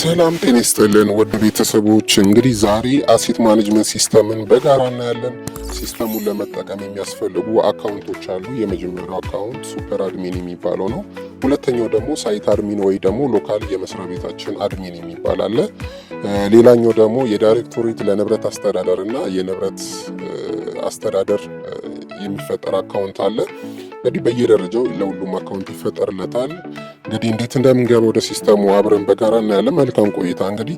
ሰላም ጤና ይስጥልን ቤተሰቦች፣ እንግዲህ ዛሬ አሴት ማኔጅመንት ሲስተምን በጋራ እናያለን። ሲስተሙን ለመጠቀም የሚያስፈልጉ አካውንቶች አሉ። የመጀመሪያው አካውንት ሱፐር አድሚን የሚባለው ነው። ሁለተኛው ደግሞ ሳይት አድሚን ወይ ደግሞ ሎካል የመስሪያ ቤታችን አድሚን የሚባል አለ። ሌላኛው ደግሞ የዳይሬክቶሬት ለንብረት አስተዳደር እና የንብረት አስተዳደር የሚፈጠር አካውንት አለ። እንግዲህ በየደረጃው ለሁሉም አካውንት ይፈጠርለታል። እንግዲህ እንዴት እንደምንገባ ወደ ሲስተሙ አብረን በጋራ እናያለን። መልካም ቆይታ። እንግዲህ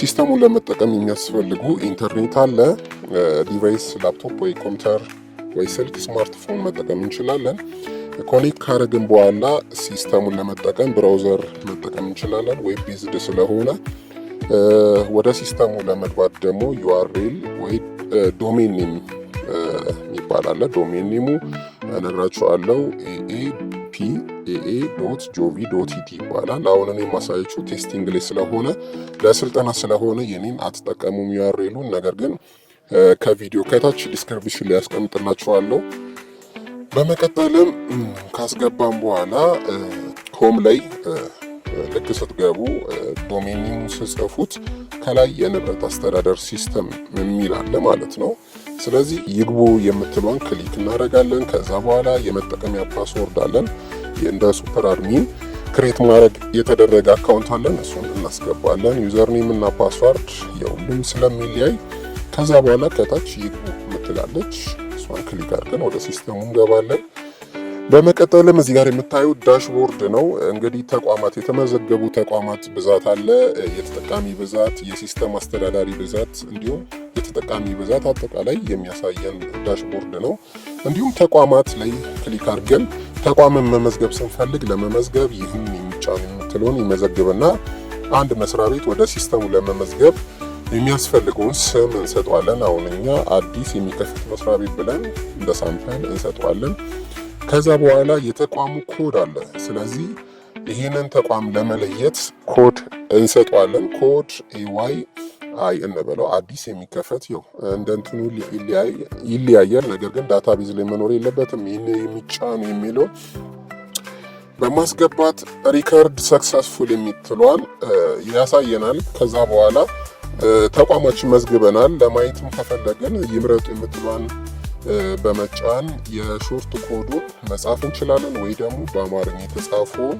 ሲስተሙን ለመጠቀም የሚያስፈልጉ ኢንተርኔት አለ፣ ዲቫይስ ላፕቶፕ ወይ ኮምፒውተር ወይ ስልክ ስማርትፎን መጠቀም እንችላለን። ኮኔክት ካረግን በኋላ ሲስተሙን ለመጠቀም ብራውዘር መጠቀም እንችላለን። ዌብ ቤዝድ ስለሆነ ወደ ሲስተሙ ለመግባት ደግሞ ዩአርኤል ወይ ዶሜን ኔም ይባላል። ዶሜን ኔሙ እነግራችኋለሁ። ዶት ጆቪ ዶት ኢቲ ይባላል። አሁን እኔ የማሳያችሁ ቴስቲንግ ላይ ስለሆነ ለስልጠና ስለሆነ የኔን አትጠቀሙም ዩአርኤሉን። ነገር ግን ከቪዲዮ ከታች ዲስክሪፕሽን ላይ ያስቀምጥላችኋለሁ። በመቀጠልም ካስገባም በኋላ ሆም ላይ ልክ ስትገቡ ስጽፉት ከላይ የንብረት አስተዳደር ሲስተም የሚል አለ ማለት ነው። ስለዚህ ይግቡ የምትለውን ክሊክ እናደርጋለን። ከዛ በኋላ የመጠቀሚያ ፓስወርድ አለን። እንደ ሱፐር አድሚን ክሬት ማድረግ የተደረገ አካውንት አለን። እሱን እናስገባለን። ዩዘርኔም እና ፓስዋርድ የሁሉም ስለሚለያይ ከዛ በኋላ ከታች ይግቡ ምትላለች። እሷን ክሊክ አድርገን ወደ ሲስተሙ እንገባለን። በመቀጠልም እዚህ ጋር የምታዩት ዳሽቦርድ ነው። እንግዲህ ተቋማት የተመዘገቡ ተቋማት ብዛት አለ፣ የተጠቃሚ ብዛት፣ የሲስተም አስተዳዳሪ ብዛት እንዲሁም ተጠቃሚ ብዛት አጠቃላይ የሚያሳየን ዳሽቦርድ ነው። እንዲሁም ተቋማት ላይ ክሊክ አድርገን ተቋምን መመዝገብ ስንፈልግ ለመመዝገብ ይህን የሚጫኑ የምትለውን ይመዘግብና አንድ መስሪያ ቤት ወደ ሲስተሙ ለመመዝገብ የሚያስፈልገውን ስም እንሰጠዋለን። አሁን እኛ አዲስ የሚከፍት መስሪያ ቤት ብለን እንደ ሳምፕል እንሰጠዋለን። ከዛ በኋላ የተቋሙ ኮድ አለ። ስለዚህ ይህንን ተቋም ለመለየት ኮድ እንሰጠዋለን። ኮድ ኤዋይ አይ እንበለው አዲስ የሚከፈት ይው እንደንትኑ እንትኑ ይለያያል። ነገር ግን ዳታ ቤዝ ላይ መኖር የለበትም። ይህ የሚጫኑ የሚለው በማስገባት ሪከርድ ሰክሰስፉል የሚትሏል ያሳየናል። ከዛ በኋላ ተቋማችን መዝግበናል ለማየትም ከፈለግን ይምረጡ የምትሏን በመጫን የሾርት ኮዱን መጻፍ እንችላለን ወይ ደግሞ በአማርኛ የተጻፈውን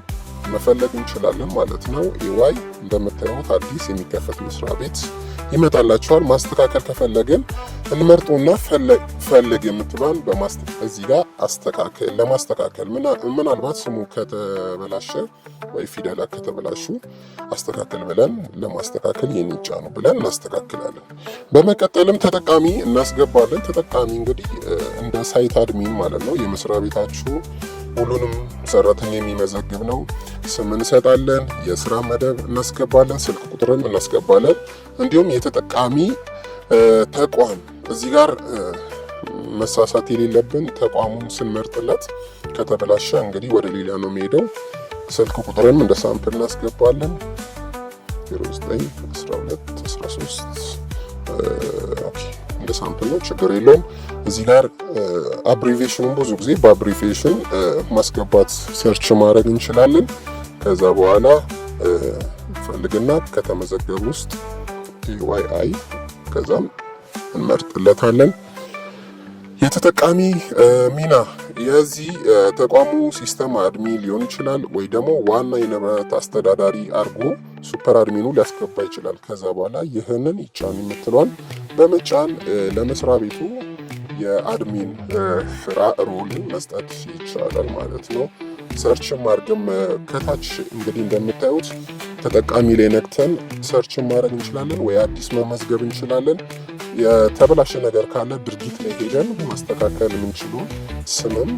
መፈለግ እንችላለን ማለት ነው። ኤዋይ እንደምታዩት አዲስ የሚከፈት መስሪያ ቤት ይመጣላችኋል። ማስተካከል ከፈለግን እንመርጡና ፈልግ የምትሏን እዚህ ጋር አስተካከል ለማስተካከል ምናልባት ስሙ ከተበላሸ ወይ ፊደላት ከተበላሹ አስተካከል ብለን ለማስተካከል የሚጫ ነው ብለን እናስተካክላለን። በመቀጠልም ተጠቃሚ እናስገባለን። ተጠቃሚ እንግዲህ እንደ ሳይት አድሚን ማለት ነው የመስሪያ ቤታችሁ ሁሉንም ሰራተኛ የሚመዘግብ ነው። ስም እንሰጣለን፣ የስራ መደብ እናስገባለን፣ ስልክ ቁጥርን እናስገባለን። እንዲሁም የተጠቃሚ ተቋም እዚህ ጋር መሳሳት የሌለብን ተቋሙን ስንመርጥለት ከተበላሸ እንግዲህ ወደ ሌላ ነው የሚሄደው። ስልክ ቁጥርም እንደ ሳምፕል እናስገባለን ኦኬ አንድ ሳምፕል ነው፣ ችግር የለውም። እዚህ ጋር አብሪቬሽኑን ብዙ ጊዜ በአብሪቬሽን ማስገባት ሰርች ማድረግ እንችላለን። ከዛ በኋላ ፈልግና ከተመዘገቡ ውስጥ ቲዋይአይ ከዛም እንመርጥለታለን። የተጠቃሚ ሚና የዚህ ተቋሙ ሲስተም አድሚን ሊሆን ይችላል፣ ወይ ደግሞ ዋና የንብረት አስተዳዳሪ አድርጎ ሱፐር አድሚኑ ሊያስገባ ይችላል። ከዛ በኋላ ይህንን ይጫን የምትሏል በመጫን ለመስሪያ ቤቱ የአድሚን ፍራ ሮል መስጠት ይቻላል ማለት ነው። ሰርችም አድርገም ከታች እንግዲህ እንደምታዩት ተጠቃሚ ላይ ነክተን ሰርችን ማድረግ እንችላለን ወይ አዲስ መመዝገብ እንችላለን። የተበላሸ ነገር ካለ ድርጊት ላይ ሄደን ማስተካከል የምንችሉ ስምም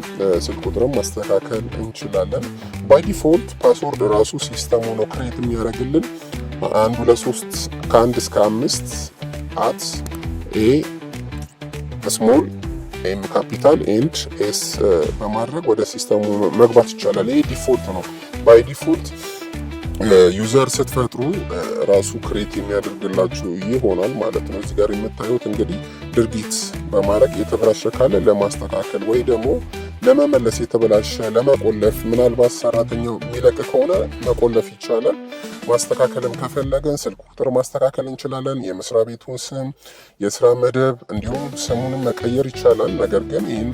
ስልክ ቁጥርም ማስተካከል እንችላለን። ባይ ዲፎልት ፓስወርድ ራሱ ሲስተሙ ነው ክሬት የሚያደርግልን አንዱ ለሶስት ከአንድ እስከ አምስት አት ኤ ስሞል ኤም ካፒታል ኤንድ ኤስ በማድረግ ወደ ሲስተሙ መግባት ይቻላል። ይሄ ዲፎልት ነው ባይ ዲፎልት ዩዘር ስትፈጥሩ ራሱ ክሬት የሚያደርግላችሁ ይሆናል ማለት ነው። እዚህ ጋር የምታዩት እንግዲህ ድርጊት በማድረግ የተበላሸ ካለ ለማስተካከል ወይ ደግሞ ለመመለስ የተበላሸ ለመቆለፍ ምናልባት ሰራተኛው የሚለቅ ከሆነ መቆለፍ ይቻላል። ማስተካከልም ከፈለገን ስልክ ቁጥር ማስተካከል እንችላለን። የመስሪያ ቤቱን ስም፣ የስራ መደብ እንዲሁም ስሙንም መቀየር ይቻላል። ነገር ግን ይህን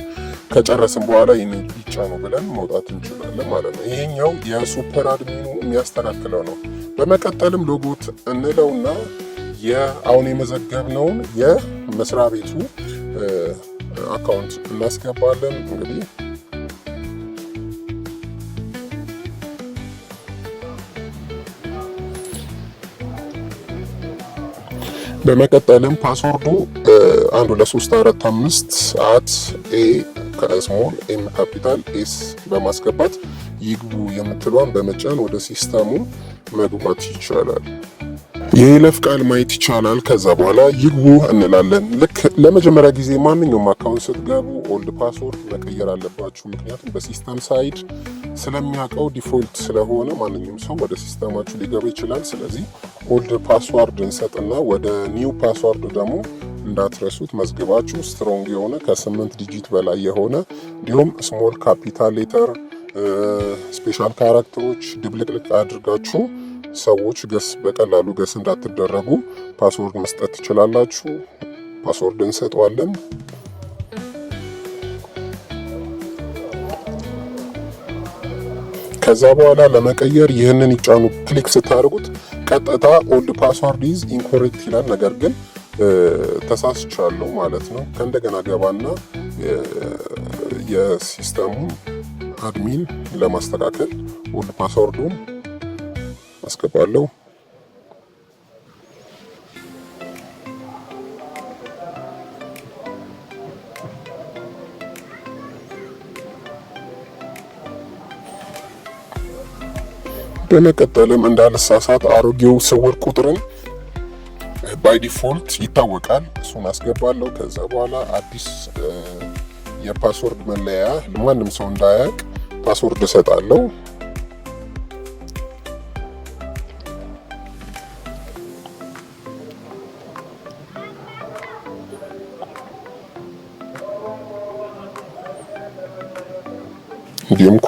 ከጨረስን በኋላ ይህን ነው ብለን መውጣት እንችላለን ማለት ነው። ይሄኛው የሱፐር አድሚኑ የሚያስተካክለው ነው። በመቀጠልም ሎጎት እንለውና የአሁን የመዘገብነውን የመስሪያ ቤቱ አካውንት እናስገባለን። እንግዲህ በመቀጠልም ፓስወርዱ አንድ ሁለት ሶስት አራት አምስት አት ኤ ከስሞል ኤም ካፒታል ኤስ በማስገባት ይግቡ የምትሏን በመጫን ወደ ሲስተሙ መግባት ይቻላል። የይለፍ ቃል ማየት ይቻላል። ከዛ በኋላ ይግቡ እንላለን። ልክ ለመጀመሪያ ጊዜ ማንኛውም አካውንት ስትገቡ ኦልድ ፓስወርድ መቀየር አለባችሁ። ምክንያቱም በሲስተም ሳይድ ስለሚያውቀው ዲፎልት ስለሆነ ማንኛውም ሰው ወደ ሲስተማችሁ ሊገባ ይችላል። ስለዚህ ኦልድ ፓስወርድ እንሰጥና ወደ ኒው ፓስወርድ ደግሞ እንዳትረሱት መዝግባችሁ ስትሮንግ የሆነ ከስምንት ዲጂት በላይ የሆነ እንዲሁም ስሞል ካፒታል ሌተር ስፔሻል ካራክተሮች ድብልቅልቅ አድርጋችሁ ሰዎች ገስ በቀላሉ ገስ እንዳትደረጉ ፓስወርድ መስጠት ትችላላችሁ። ፓስወርድ እንሰጠዋለን። ከዛ በኋላ ለመቀየር ይህንን ይጫኑ። ክሊክ ስታደርጉት ቀጥታ ኦልድ ፓስወርድ ይዝ ኢንኮሬክት ይላል። ነገር ግን ተሳስቻለሁ ማለት ነው። ከእንደገና ገባና የሲስተሙን አድሚን ለማስተካከል ኦልድ ፓስወርዱን አስገባለሁ። በመቀጠልም እንዳልሳሳት አሮጌው ስውር ቁጥርን ባይ ዲፎልት ይታወቃል። እሱን አስገባለሁ። ከዛ በኋላ አዲስ የፓስወርድ መለያ ማንም ሰው እንዳያውቅ ፓስወርድ እሰጣለሁ።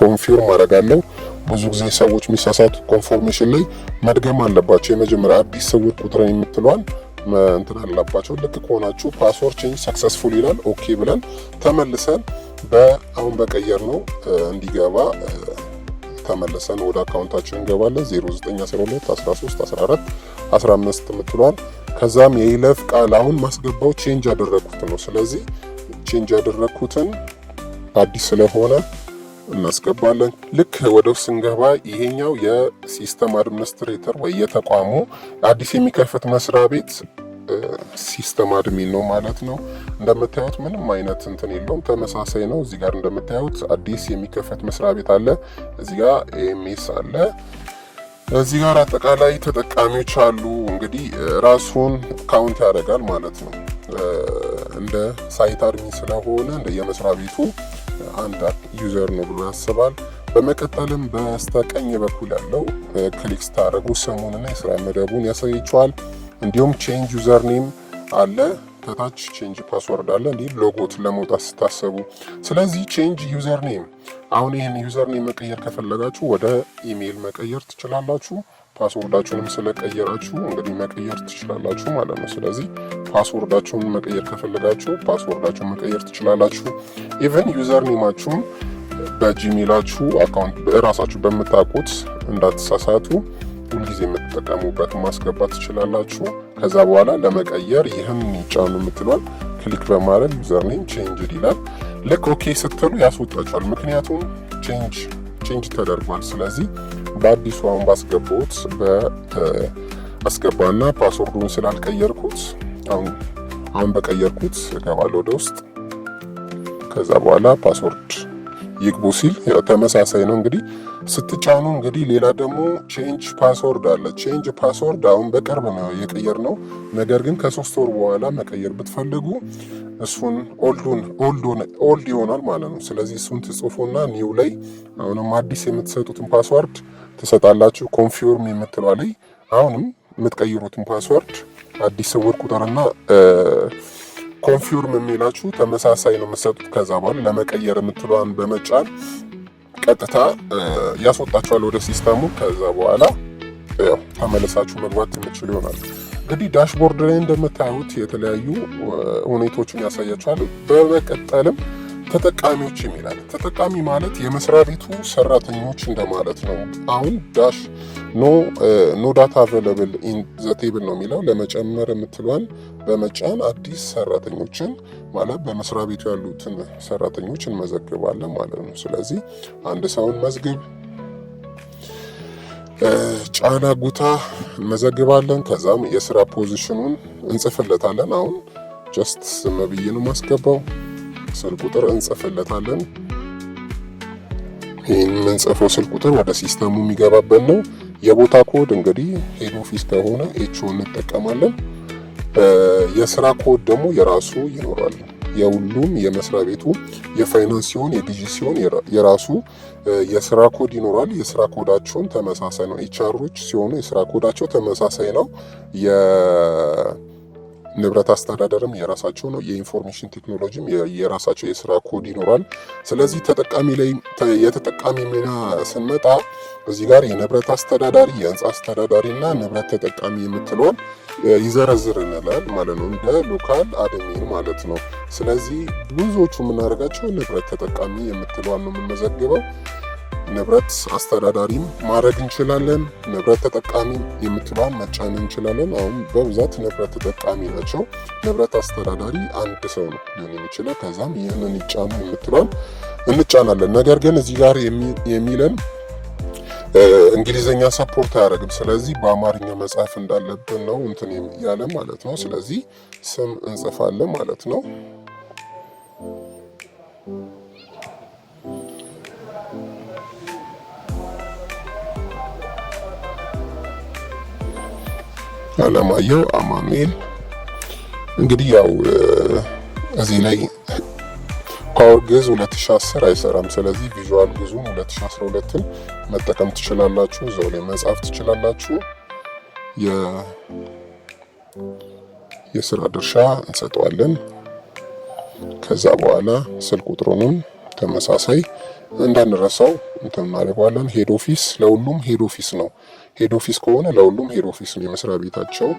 ኮንፊርም አደርጋለሁ። ብዙ ጊዜ ሰዎች የሚሳሳቱ ኮንፎርሜሽን ላይ መድገም አለባቸው። የመጀመሪያ አዲስ ስውር ቁጥርን የምትለዋል እንትን አለባቸው። ልክ ከሆናችሁ ፓስወርድ ቼንጅ ሰክሰስፉል ይላል። ኦኬ ብለን ተመልሰን በአሁን በቀየር ነው እንዲገባ ተመልሰን ወደ አካውንታችን እንገባለን። 0912 13 14 15 የምትሏል። ከዛም የይለፍ ቃል አሁን ማስገባው ቼንጅ ያደረግኩት ነው። ስለዚህ ቼንጅ ያደረግኩትን አዲስ ስለሆነ እናስገባለን። ልክ ወደው ስንገባ ይሄኛው የሲስተም አድሚኒስትሬተር ወይ የተቋሙ አዲስ የሚከፍት መስሪያ ቤት ሲስተም አድሚን ነው ማለት ነው። እንደምታዩት ምንም አይነት እንትን የለውም፣ ተመሳሳይ ነው። እዚህ ጋር እንደምታዩት አዲስ የሚከፈት መስሪያ ቤት አለ፣ እዚህ ጋር ኤምኤስ አለ፣ እዚህ ጋር አጠቃላይ ተጠቃሚዎች አሉ። እንግዲህ ራሱን ካውንት ያደርጋል ማለት ነው። እንደ ሳይት አድሚን ስለሆነ እንደ የመስሪያ ቤቱ አንድ ዩዘር ነው ብሎ ያስባል። በመቀጠልም በስተቀኝ በኩል ያለው ክሊክ ስታደርጉ ስሙንና የስራ መደቡን ያሳያችኋል። እንዲሁም ቼንጅ ዩዘር ኔም አለ ከታች ቼንጅ ፓስወርድ አለ እንዲህ ሎጎት ለመውጣት ስታሰቡ። ስለዚህ ቼንጅ ዩዘር ኔም አሁን ይህን ዩዘር ኔም መቀየር ከፈለጋችሁ ወደ ኢሜይል መቀየር ትችላላችሁ። ፓስወርዳችሁንም ስለቀየራችሁ እንግዲህ መቀየር ትችላላችሁ ማለት ነው። ስለዚህ ፓስወርዳችሁን መቀየር ከፈለጋችሁ ፓስወርዳችሁን መቀየር ትችላላችሁ። ኢቨን ዩዘር ኔማችሁም በጂሜላችሁ አካውንት እራሳችሁ በምታውቁት እንዳትሳሳቱ ሁልጊዜ የምትጠቀሙበት ማስገባት ትችላላችሁ። ከዛ በኋላ ለመቀየር ይህን ይጫኑ የምትሏል ክሊክ በማድረግ ዩዘርኔም ቼንጅ ይላል። ልክ ኦኬ ስትሉ ያስወጣችኋል። ምክንያቱም ቼንጅ ቼንጅ ተደርጓል። ስለዚህ በአዲሱ አሁን ባስገባሁት በአስገባና ፓስወርዱን ስላልቀየርኩት በጣም አሁን በቀየርኩት እገባለሁ ወደ ውስጥ። ከዛ በኋላ ፓስወርድ ይግቡ ሲል ያው ተመሳሳይ ነው እንግዲህ ስትጫኑ። እንግዲህ ሌላ ደግሞ ቼንጅ ፓስወርድ አለ። ቼንጅ ፓስወርድ አሁን በቅርብ ነው የቀየር ነው። ነገር ግን ከሶስት ወር በኋላ መቀየር ብትፈልጉ እሱን ኦልዱን ኦልዱን ኦልድ ይሆናል ማለት ነው። ስለዚህ እሱን ትጽፉና ኒው ላይ አሁንም አዲስ የምትሰጡትን ፓስወርድ ትሰጣላችሁ። ኮንፊርም የምትለው ላይ አሁንም የምትቀይሩትን ፓስወርድ አዲስ ስውር ቁጥርና ኮንፊርም የሚላችሁ ተመሳሳይ ነው የምትሰጡት። ከዛ በኋላ ለመቀየር የምትሏን በመጫን ቀጥታ ያስወጣችኋል ወደ ሲስተሙ። ከዛ በኋላ ያው መግባት ትችሉ ይሆናል። እንግዲህ ዳሽቦርድ ላይ እንደምታዩት የተለያዩ ሁኔታዎችን ያሳያችኋል። በመቀጠልም ተጠቃሚዎች የሚላል ተጠቃሚ ማለት የመስሪያ ቤቱ ሰራተኞች እንደማለት ነው። አሁን ዳሽ ኖ ኖ ዳታ አቬለብል ኢን ዘ ቴብል ነው የሚለው ለመጨመር የምትሏን በመጫን አዲስ ሰራተኞችን ማለት በመስሪያ ቤቱ ያሉትን ሰራተኞች እንመዘግባለን ማለት ነው። ስለዚህ አንድ ሰውን መዝግብ ጫና ጉታ እንመዘግባለን። ከዛም የስራ ፖዚሽኑን እንጽፍለታለን። አሁን ጀስት ስም ብዬ ነው ማስገባው ስልክ ቁጥር እንጽፍለታለን። ይህን የምንጽፈው ስልክ ቁጥር ወደ ሲስተሙ የሚገባበት ነው። የቦታ ኮድ እንግዲህ ሄድ ኦፊስ ከሆነ ኤችኦ እንጠቀማለን። የስራ ኮድ ደግሞ የራሱ ይኖራል። የሁሉም የመስሪያ ቤቱ የፋይናንስ ሲሆን የግዢ ሲሆን የራሱ የስራ ኮድ ይኖራል። የስራ ኮዳቸውን ተመሳሳይ ነው። ኤችአሮች ሲሆኑ የስራ ኮዳቸው ተመሳሳይ ነው። ንብረት አስተዳደርም የራሳቸው ነው። የኢንፎርሜሽን ቴክኖሎጂም የራሳቸው የስራ ኮድ ይኖራል። ስለዚህ ተጠቃሚ ላይ የተጠቃሚ ሚና ስንመጣ እዚህ ጋር የንብረት አስተዳዳሪ፣ የህንፃ አስተዳዳሪ እና ንብረት ተጠቃሚ የምትለውን ይዘረዝርንላል ማለት ነው፣ እንደ ሎካል አድሚን ማለት ነው። ስለዚህ ብዙዎቹ የምናደርጋቸው ንብረት ተጠቃሚ የምትለዋን ነው የምንመዘግበው። ንብረት አስተዳዳሪም ማድረግ እንችላለን። ንብረት ተጠቃሚ የምትሏን መጫን እንችላለን። አሁን በብዛት ንብረት ተጠቃሚ ናቸው። ንብረት አስተዳዳሪ አንድ ሰው ነው ሊሆን የሚችለው። ከዛም ይህንን ይጫኑ የምትሏን እንጫናለን። ነገር ግን እዚህ ጋር የሚለን እንግሊዝኛ ሰፖርት አያደርግም። ስለዚህ በአማርኛ መጽሐፍ እንዳለብን ነው እንትን ያለ ማለት ነው። ስለዚህ ስም እንጽፋለን ማለት ነው። አለማየሁ አማኑኤል እንግዲህ ያው እዚህ ላይ ፓወር ግዕዝ 2010 አይሰራም። ስለዚህ ቪዥዋል ግዕዙን 2012ን መጠቀም ትችላላችሁ። እዛው ላይ መጻፍ ትችላላችሁ። የስራ ድርሻ እንሰጠዋለን። ከዛ በኋላ ስልክ ቁጥሩንም ተመሳሳይ እንዳንረሳው እንትን እናደርገዋለን። ሄድ ኦፊስ ለሁሉም ሄድ ኦፊስ ነው። ሄድ ኦፊስ ከሆነ ለሁሉም ሄድ ኦፊስ ነው። የመስሪያ ቤታቸው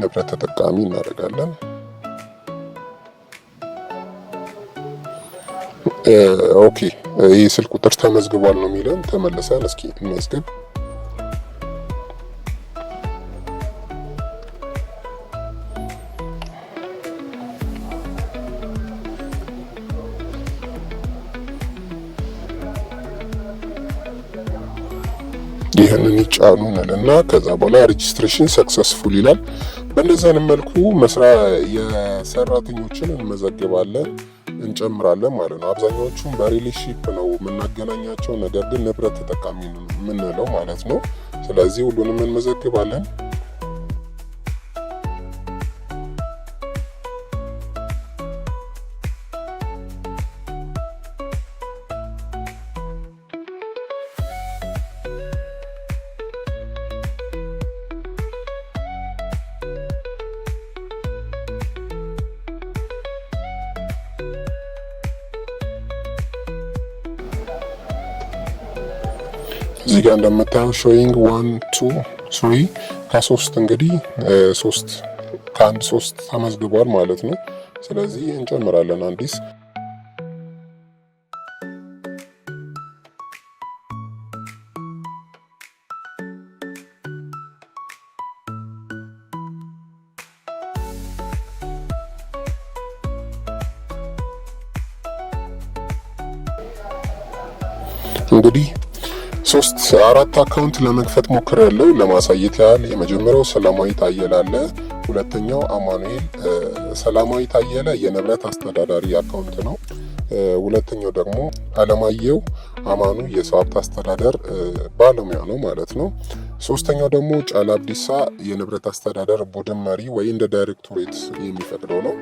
ንብረት ተጠቃሚ እናደርጋለን። ኦኬ ይህ ስልክ ቁጥር ተመዝግቧል ነው የሚለን። ተመልሰን እስኪ እንመዝግብ። ይህንን ይጫኑ እና ከዛ በኋላ ሬጅስትሬሽን ሰክሰስፉል ይላል። በእንደዛንም መልኩ መስሪያ የሰራተኞችን እንመዘግባለን እንጨምራለን ማለት ነው። አብዛኛዎቹም በሪሌሽፕ ነው የምናገናኛቸው፣ ነገር ግን ንብረት ተጠቃሚ የምንለው ማለት ነው። ስለዚህ ሁሉንም እንመዘግባለን። እዚህ ጋር እንደምታየው ሾይንግ ዋን ቱ ስሪ ከሶስት እንግዲህ ሶስት ከአንድ ሶስት ተመዝግቧል ማለት ነው። ስለዚህ እንጨምራለን አንዲስ አራት አካውንት ለመክፈት ያለው ለማሳየት ያህል የመጀመሪያው ሰላማዊ አየለ አለ። ሁለተኛው አማኑኤል ሰላማዊ ታየለ የንብረት አስተዳዳሪ አካውንት ነው። ሁለተኛው ደግሞ አለማየሁ አማኑ የሰው ሀብት አስተዳደር ባለሙያ ነው ማለት ነው። ሶስተኛው ደግሞ ጫላ አብዲሳ የንብረት አስተዳደር ቡድን መሪ ወይ እንደ ዳይሬክቶሬት የሚፈቅደው ነው።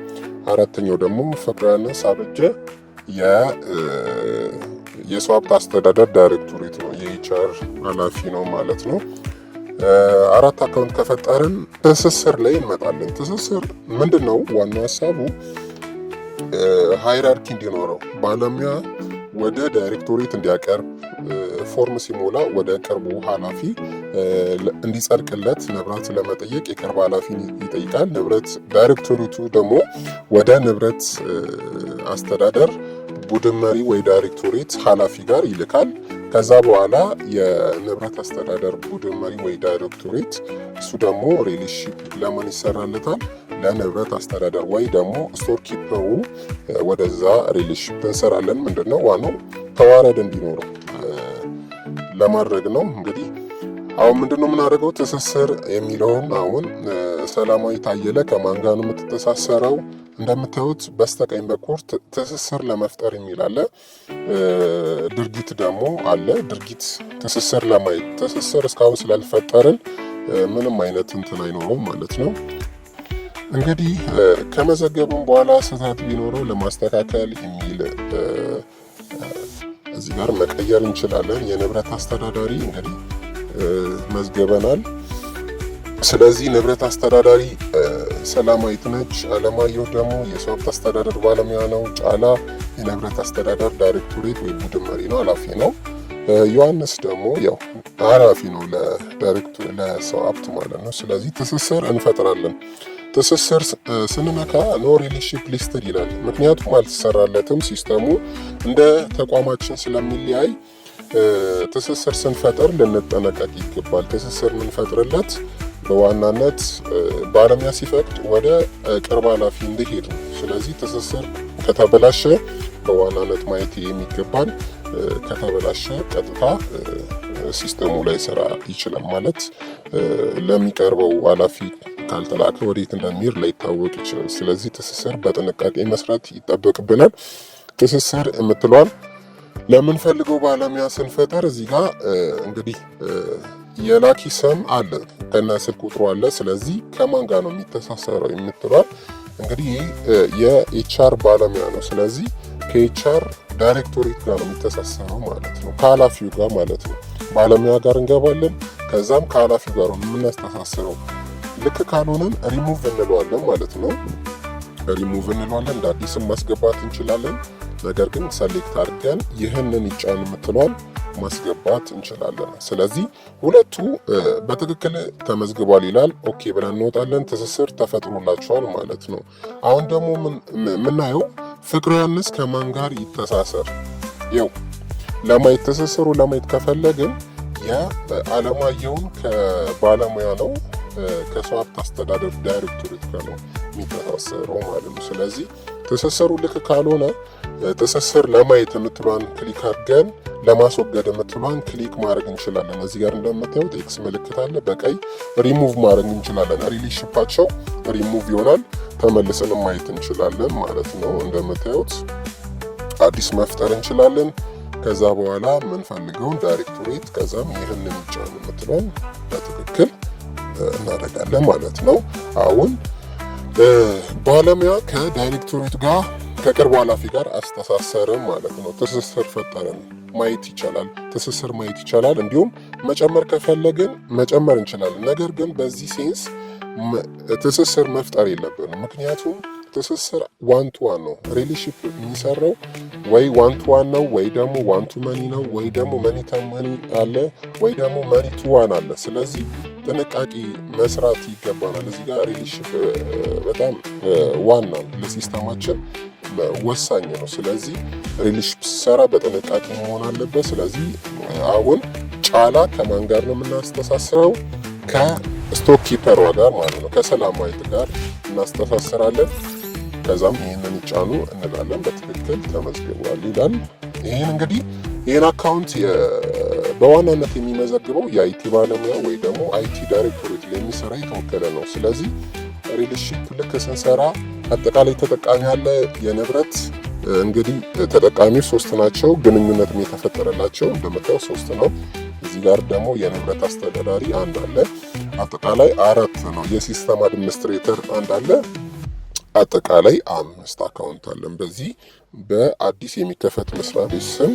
አራተኛው ደግሞ ፍቅረነስ አበጀ የስዋፕት አስተዳደር ዳይሬክቶሬት ነው፣ የኤችአር ኃላፊ ነው ማለት ነው። አራት አካውንት ከፈጠርን ትስስር ላይ እንመጣለን። ትስስር ምንድን ነው? ዋና ሀሳቡ ሃይራርኪ እንዲኖረው ባለሙያ ወደ ዳይሬክቶሬት እንዲያቀርብ ፎርም ሲሞላ ወደ ቅርቡ ኃላፊ እንዲጸድቅለት ንብረት ለመጠየቅ የቅርብ ኃላፊ ይጠይቃል። ንብረት ዳይሬክቶሬቱ ደግሞ ወደ ንብረት አስተዳደር ቡድን መሪ ወይ ዳይሬክቶሬት ኃላፊ ጋር ይልካል። ከዛ በኋላ የንብረት አስተዳደር ቡድን መሪ ወይ ዳይሬክቶሬት እሱ ደግሞ ሪሊሽፕ ለምን ይሰራለታል? ለንብረት አስተዳደር ወይ ደግሞ ስቶር ኪፐሩ ወደዛ ሪሌሽንሺፕ እንሰራለን። ምንድነው ዋናው ተዋረድ እንዲኖረው ለማድረግ ነው እንግዲህ አሁን ምንድን ነው የምናደርገው? ትስስር የሚለውን አሁን ሰላማዊ ታየለ ከማን ጋር ነው የምትተሳሰረው? እንደምታዩት በስተቀኝ በኩል ትስስር ለመፍጠር የሚል አለ። ድርጊት ደግሞ አለ። ድርጊት ትስስር ለማየት ትስስር እስካሁን ስላልፈጠርን ምንም አይነት እንትን አይኖረውም ማለት ነው። እንግዲህ ከመዘገቡም በኋላ ስህተት ቢኖረው ለማስተካከል የሚል እዚህ ጋር መቀየር እንችላለን። የንብረት አስተዳዳሪ እንግዲህ መዝገበናል። ስለዚህ ንብረት አስተዳዳሪ ሰላማዊት ነች። አለማየሁ ደግሞ የሰው ሀብት አስተዳደር ባለሙያ ነው። ጫላ የንብረት አስተዳደር ዳይሬክቶሬት ወይ ቡድን መሪ ነው፣ ኃላፊ ነው። ዮሐንስ ደግሞ ያው ኃላፊ ነው ለዳይሬክቱ ለሰው ሀብት ማለት ነው። ስለዚህ ትስስር እንፈጥራለን። ትስስር ስንነካ ኖ ሪሌሽንሺፕ ሊስትድ ይላል። ምክንያቱም አልተሰራለትም ሲስተሙ እንደ ተቋማችን ስለሚለያይ ትስስር ስንፈጥር ልንጠነቀቅ ይገባል። ትስስር የምንፈጥርለት በዋናነት ባለሙያ ሲፈቅድ ወደ ቅርብ ኃላፊ እንዲሄድ ነው። ስለዚህ ትስስር ከተበላሸ በዋናነት ማየት የሚገባን ከተበላሸ ቀጥታ ሲስተሙ ላይ ስራ ይችላል ማለት ለሚቀርበው ኃላፊ ካልተላከ ወዴት እንደሚሄድ ላይታወቅ ይችላል። ስለዚህ ትስስር በጥንቃቄ መስራት ይጠበቅብናል። ትስስር የምትሏል ለምንፈልገው ባለሙያ ስንፈጠር እዚህ ጋር እንግዲህ የላኪ ሰም አለ ከነ ስልክ ቁጥሩ አለ። ስለዚህ ከማን ጋር ነው የሚተሳሰረው የምትሏል እንግዲህ የኤችአር ባለሙያ ነው። ስለዚህ ከኤችአር ዳይሬክቶሬት ጋር ነው የሚተሳሰረው ማለት ነው፣ ከኃላፊው ጋር ማለት ነው። ባለሙያ ጋር እንገባለን፣ ከዛም ከኃላፊው ጋር ነው የምናስተሳስረው። ልክ ካልሆነን ሪሙቭ እንለዋለን ማለት ነው። ሪሙቭ እንለዋለን። እንደ አዲስም ማስገባት እንችላለን። ነገር ግን ሰሌክት አድርገን ይህንን ይጫን የምትለዋል ማስገባት እንችላለን። ስለዚህ ሁለቱ በትክክል ተመዝግቧል ይላል። ኦኬ ብለን እንወጣለን። ትስስር ተፈጥሮላቸዋል ማለት ነው። አሁን ደግሞ የምናየው ፍቅረ ዮሐንስ ከማን ጋር ይተሳሰር ይው ለማየት ትስስሩ ለማየት ከፈለግን የአለማየሁን ከባለሙያ ነው ከሰው ሀብት አስተዳደር ዳይሬክቶሬት ጋር ነው የሚተሳሰረው ማለት ነው። ስለዚህ ትስስሩ ልክ ካልሆነ ትስስር ለማየት የምትሏን ክሊክ አድርገን ለማስወገድ የምትሏን ክሊክ ማድረግ እንችላለን። እዚህ ጋር እንደምታዩት ኤክስ ምልክት አለ በቀይ ሪሙቭ ማድረግ እንችላለን። ሪሌሽንሺፓቸው ሪሙቭ ይሆናል። ተመልሰን ማየት እንችላለን ማለት ነው። እንደምታዩት አዲስ መፍጠር እንችላለን። ከዛ በኋላ የምንፈልገውን ዳይሬክቶሬት ከዛም ይህን የሚጫኑ የምትለውን በትክክል እናደርጋለን ማለት ነው አሁን ባለሙያ ከዳይሬክቶሬት ጋር ከቅርቡ ኃላፊ ጋር አስተሳሰረ ማለት ነው። ትስስር ፈጠርን ማየት ይቻላል። ትስስር ማየት ይቻላል። እንዲሁም መጨመር ከፈለግን መጨመር እንችላለን። ነገር ግን በዚህ ሴንስ ትስስር መፍጠር የለብንም። ምክንያቱም ትስስር ዋንቱ ዋን ነው። ሪሌሽፕ የሚሰራው ወይ ዋንቱ ዋን ነው ወይ ደግሞ ዋንቱ መኒ ነው ወይ ደግሞ መኒ ተመኒ አለ ወይ ደግሞ መኒ ቱ ዋን አለ። ስለዚህ በጥንቃቄ መስራት ይገባናል። እዚህ ጋር ሪሌሽንሺፕ በጣም ዋና ለሲስተማችን ወሳኝ ነው። ስለዚህ ሪሌሽንሺፕ ሲሰራ በጥንቃቄ መሆን አለበት። ስለዚህ አሁን ጫላ ከማን ጋር ነው የምናስተሳስረው? ከስቶክ ኪፐሯ ጋር ማለት ነው። ከሰላማዊት ጋር እናስተሳስራለን። ከዛም ይህንን ጫኑ እንላለን። በትክክል ተመዝግቧል ይላል። ይህን እንግዲህ ይህን አካውንት በዋናነት የሚመዘግበው የአይቲ ባለሙያ ወይ ደግሞ አይቲ ዳይሬክቶሬት የሚሰራ የተወከለ ነው። ስለዚህ ሪልሽፕ ልክ ስንሰራ አጠቃላይ ተጠቃሚ አለ። የንብረት እንግዲህ ተጠቃሚው ሶስት ናቸው። ግንኙነት የተፈጠረላቸው እንደምታየው ሶስት ነው። እዚህ ጋር ደግሞ የንብረት አስተዳዳሪ አንድ አለ። አጠቃላይ አራት ነው። የሲስተም አድሚኒስትሬተር አንድ አለ። አጠቃላይ አምስት አካውንት አለን። በዚህ በአዲስ የሚከፈት መስሪያ ቤት ስም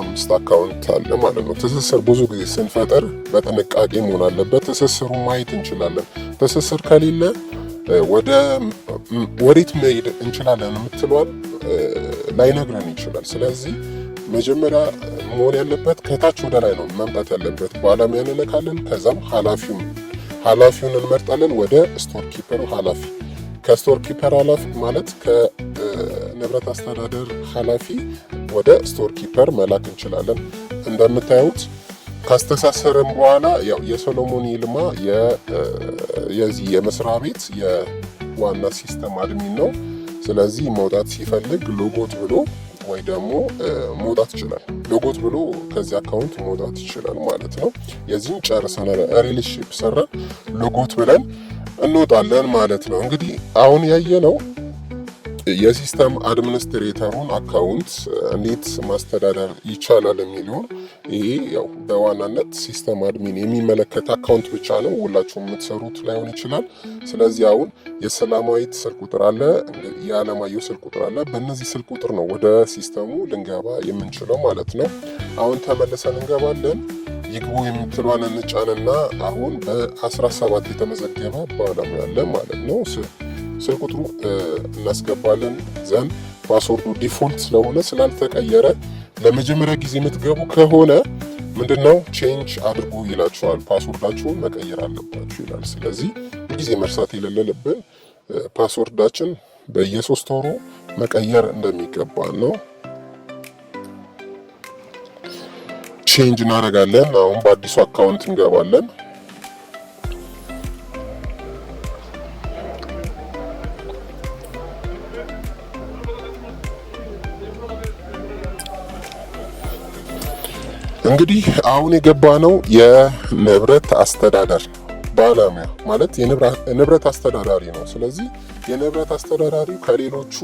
አምስት አካውንት አለ ማለት ነው። ትስስር ብዙ ጊዜ ስንፈጠር በጥንቃቄ መሆን አለበት። ትስስሩ ማየት እንችላለን። ትስስር ከሌለ ወደ ወዴት መሄድ እንችላለን የምትለዋል ላይነግረን ይችላል። ስለዚህ መጀመሪያ መሆን ያለበት ከታች ወደ ላይ ነው መምጣት ያለበት። በኋላም ያንነካለን። ከዛም ኃላፊውን ኃላፊውን እንመርጣለን። ወደ ስቶር ኪፐሩ ኃላፊ ከስቶር ኪፐር ኃላፊ ማለት ከንብረት አስተዳደር ኃላፊ ወደ ስቶር ኪፐር መላክ እንችላለን። እንደምታዩት ካስተሳሰርም በኋላ ያው የሶሎሞን ይልማ የዚህ የመስሪያ ቤት የዋና ሲስተም አድሚን ነው። ስለዚህ መውጣት ሲፈልግ ሎጎት ብሎ ወይ ደግሞ መውጣት ይችላል። ሎጎት ብሎ ከዚህ አካውንት መውጣት ይችላል ማለት ነው። የዚህን ጨርሰናል። ሪሌሽንሺፕ ሰራ ሎጎት ብለን እንወጣለን ማለት ነው። እንግዲህ አሁን ያየነው የሲስተም አድሚኒስትሬተሩን አካውንት እንዴት ማስተዳደር ይቻላል የሚለውን ይሄ ያው በዋናነት ሲስተም አድሚን የሚመለከት አካውንት ብቻ ነው። ሁላችሁም የምትሰሩት ላይሆን ይችላል። ስለዚህ አሁን የሰላማዊት ስልክ ቁጥር አለ፣ የአለማየሁ ስልክ ቁጥር አለ። በእነዚህ ስልክ ቁጥር ነው ወደ ሲስተሙ ልንገባ የምንችለው ማለት ነው። አሁን ተመልሰን እንገባለን። ይግቡ የምትሏን እንጫንና አሁን በ17 የተመዘገበ ባለሙያ አለ ማለት ነው። ስልክ ቁጥሩ እናስገባለን ዘን ፓስወርዱ ዲፎልት ስለሆነ ስላልተቀየረ ለመጀመሪያ ጊዜ የምትገቡ ከሆነ ምንድነው ቼንጅ አድርጉ ይላችኋል። ፓስወርዳችሁን መቀየር አለባችሁ ይላል። ስለዚህ ጊዜ መርሳት የሌለብን ፓስወርዳችን በየሶስት ወሩ መቀየር እንደሚገባ ነው። ቼንጅ እናደርጋለን። አሁን በአዲሱ አካውንት እንገባለን። እንግዲህ አሁን የገባ ነው የንብረት አስተዳደር ባለሙያ ማለት የንብረት አስተዳዳሪ ነው። ስለዚህ የንብረት አስተዳዳሪው ከሌሎቹ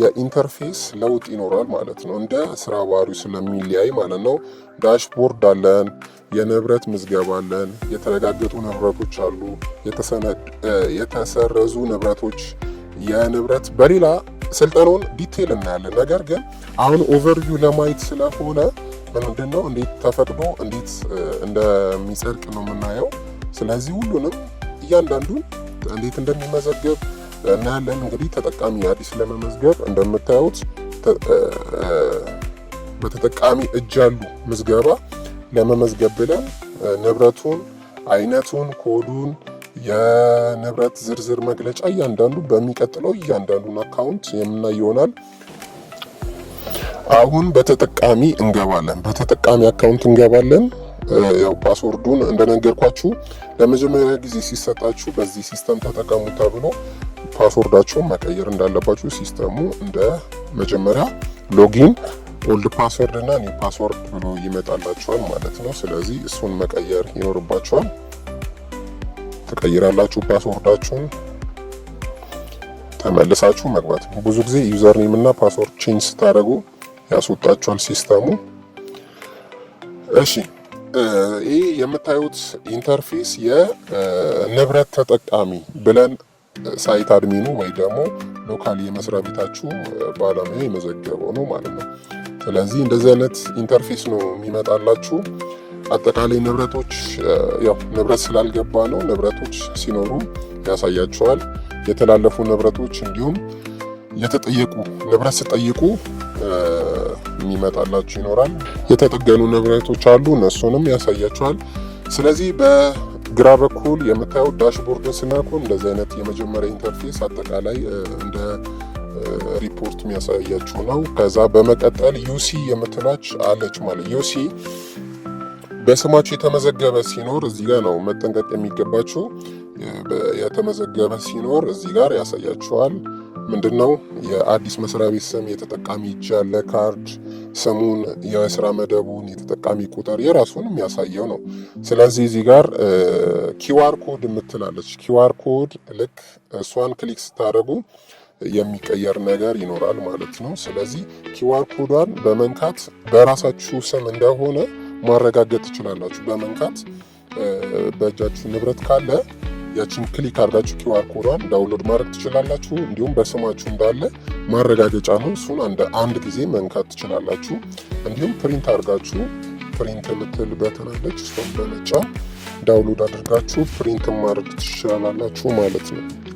የኢንተርፌስ ለውጥ ይኖራል ማለት ነው። እንደ ስራ ባህሪው ስለሚለያይ ማለት ነው። ዳሽቦርድ አለን፣ የንብረት ምዝገባ አለን፣ የተረጋገጡ ንብረቶች አሉ፣ የተሰረዙ ንብረቶች፣ የንብረት በሌላ ስልጠናውን ዲቴይል እናያለን። ነገር ግን አሁን ኦቨርቪው ለማየት ስለሆነ ምንድነው እንዴት ተፈቅዶ እንዴት እንደሚጸድቅ ነው የምናየው። ስለዚህ ሁሉንም እያንዳንዱን እንዴት እንደሚመዘገብ እናያለን። እንግዲህ ተጠቃሚ አዲስ ለመመዝገብ እንደምታዩት በተጠቃሚ እጅ ያሉ ምዝገባ ለመመዝገብ ብለን ንብረቱን፣ አይነቱን፣ ኮዱን፣ የንብረት ዝርዝር መግለጫ እያንዳንዱ በሚቀጥለው እያንዳንዱን አካውንት የምናይ ይሆናል። አሁን በተጠቃሚ እንገባለን። በተጠቃሚ አካውንት እንገባለን። ያው ፓስወርዱን እንደነገርኳችሁ ለመጀመሪያ ጊዜ ሲሰጣችሁ በዚህ ሲስተም ተጠቀሙ ተብሎ ፓስወርዳችሁን መቀየር እንዳለባችሁ ሲስተሙ እንደ መጀመሪያ ሎጊን ኦልድ ፓስወርድ እና ኒው ፓስወርድ ብሎ ይመጣላችኋል ማለት ነው። ስለዚህ እሱን መቀየር ይኖርባችኋል። ትቀይራላችሁ ፓስወርዳችሁን። ተመልሳችሁ መግባት ብዙ ጊዜ ዩዘር እና ፓስወርድ ቼንጅ ስታደርጉ ያስወጣችኋል ሲስተሙ። እሺ ይህ የምታዩት ኢንተርፌስ የንብረት ተጠቃሚ ብለን ሳይት አድሚኑ ወይ ደግሞ ሎካል የመስሪያ ቤታችሁ ባለሙያ የመዘገበው ነው ማለት ነው። ስለዚህ እንደዚህ አይነት ኢንተርፌስ ነው የሚመጣላችሁ። አጠቃላይ ንብረቶች ያው ንብረት ስላልገባ ነው። ንብረቶች ሲኖሩ ያሳያቸዋል። የተላለፉ ንብረቶች እንዲሁም የተጠየቁ ንብረት ስጠይቁ የሚመጣላችሁ ይኖራል። የተጠገኑ ንብረቶች አሉ፣ እነሱንም ያሳያችኋል። ስለዚህ በ ግራ በኩል የምታዩት ዳሽቦርድን ስናቆም እንደዚህ አይነት የመጀመሪያ ኢንተርፌስ አጠቃላይ እንደ ሪፖርት የሚያሳያችሁ ነው። ከዛ በመቀጠል ዩሲ የምትላች አለች ማለት ዩሲ በስማችሁ የተመዘገበ ሲኖር እዚህ ጋር ነው መጠንቀቅ የሚገባችሁ። የተመዘገበ ሲኖር እዚህ ጋር ያሳያችኋል። ምንድን ነው የአዲስ መስሪያ ቤት ስም፣ የተጠቃሚ እጅ ያለ ካርድ፣ ስሙን፣ የስራ መደቡን፣ የተጠቃሚ ቁጥር የራሱን የሚያሳየው ነው። ስለዚህ እዚህ ጋር ኪዋር ኮድ የምትላለች ኪዋር ኮድ ልክ እሷን ክሊክ ስታደርጉ የሚቀየር ነገር ይኖራል ማለት ነው። ስለዚህ ኪዋር ኮዷን በመንካት በራሳችሁ ስም እንደሆነ ማረጋገጥ ትችላላችሁ። በመንካት በእጃችሁ ንብረት ካለ ያችን ክሊክ አድርጋችሁ ኪዋር ኮዷን ዳውንሎድ ማድረግ ትችላላችሁ። እንዲሁም በስማችሁ እንዳለ ማረጋገጫ ነው። እሱን አንድ ጊዜ መንካት ትችላላችሁ። እንዲሁም ፕሪንት አድርጋችሁ ፕሪንት የምትል በተናለች እሱን በመጫን ዳውንሎድ አድርጋችሁ ፕሪንት ማድረግ ትችላላችሁ ማለት ነው።